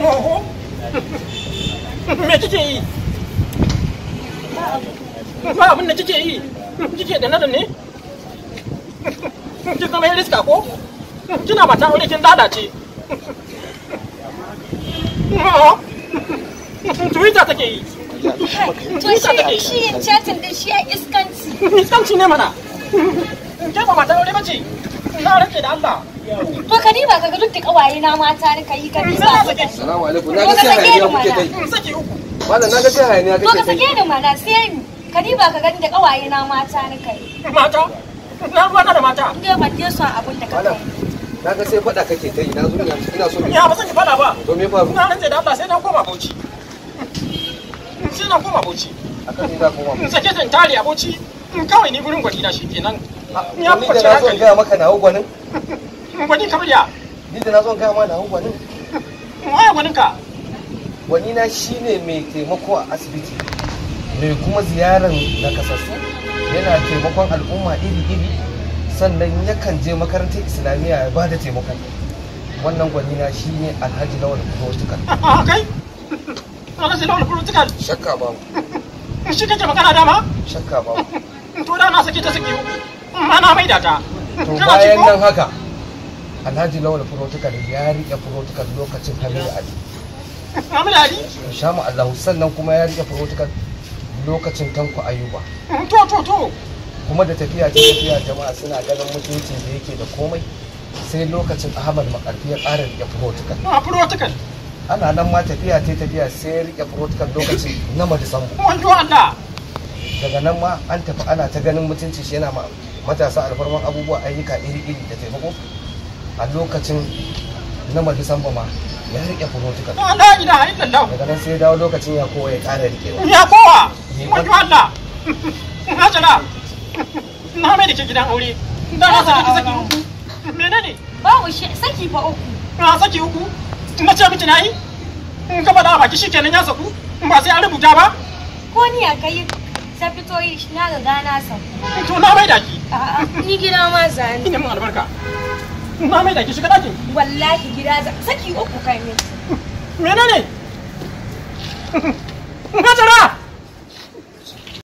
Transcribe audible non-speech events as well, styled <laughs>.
<laughs> Me kike yi? Ba abin da kike yi? Kike da nan ne? Kin zama riska ko? Kina mata aure kin lalace. <laughs> Twitter take yi. Twitter take chatin da shi iskanci. Iskanci ne mana. Ke ba mata aure bace. Na rantsa da Allah. To ka diba ka ga duk da kawaye na mata da kai ka diba. Assalamu alaikum. Na ga sai hayaniya kuke kai. Wala na ga sai hayaniya kake kai. To ka sake da mana sai ni. Ka diba ka gani da kawaye na mata da kai. Mata? Na ruwa na da mata. Inde ban je son abin da ka kai. Na ga sai faɗa kake kai na zo ina so. Ya ba san ki faɗa ba. To me faru? Na rantsa da Allah sai na koma Bauchi. Sai na koma Bauchi. Akan ni za koma. Sake zan tare a Bauchi. Kawai ni gurin gwaji na shi kenan. Ya fi da na zo maka na gwanin. gwani ka murya ni na zo gaya ma na gwanin <laughs> waya gwanin ka gwani na shine mai taimako a asibiti mai kuma ziyarar kasasu yana taimakon al'umma iri-iri sannan yakan je makarantar islamiyya ya ba da taimakon wannan gwani na ne alhaji lawal kurotukan <laughs> ah, kai alhaji lawal kurotukan shakka babu <laughs> shi kake magana dama shakka ba to da na sake ta sake mana maida ta to bayan nan haka alhaji lawal protocol ya rike protocol lokacin hamidu ali Shamu ali mu allahu sannan kuma ya rike protocol lokacin tanko ayuba hmm, to to to kuma da tafiya ta tafiya jama'a suna ganin mutuncin da yake da komai sai lokacin ahmad makarfi ya ƙara rike ah, protocol ana nan ma tafiya ta tafiya sai ya rike protocol lokacin na madisambu Allah daga nan ma an tafi ana ta ganin mutuncin shi yana matasa alfarman abubuwa ayyuka iri-iri da taimako a lokacin na lamar samba ma ya riƙe furotukan da ilaha illallah daga nan sai dawo lokacin ya kowa ya ƙara riƙewa ya kowa wajen Allah na <laughs> jana na mai da ke gidan aure da na saki saki uku ba mu shi saki ba uku na saki uku na ce miki nayi in ka faɗa a baki shikenan ya saku ba sai an rubuta ba ko ni a kai ta fito yi na ga gana saku to na mai da ki ni gida ma zani ina mun albarka na mai da ki shiga dakin wallahi gida saki uku kai ne menene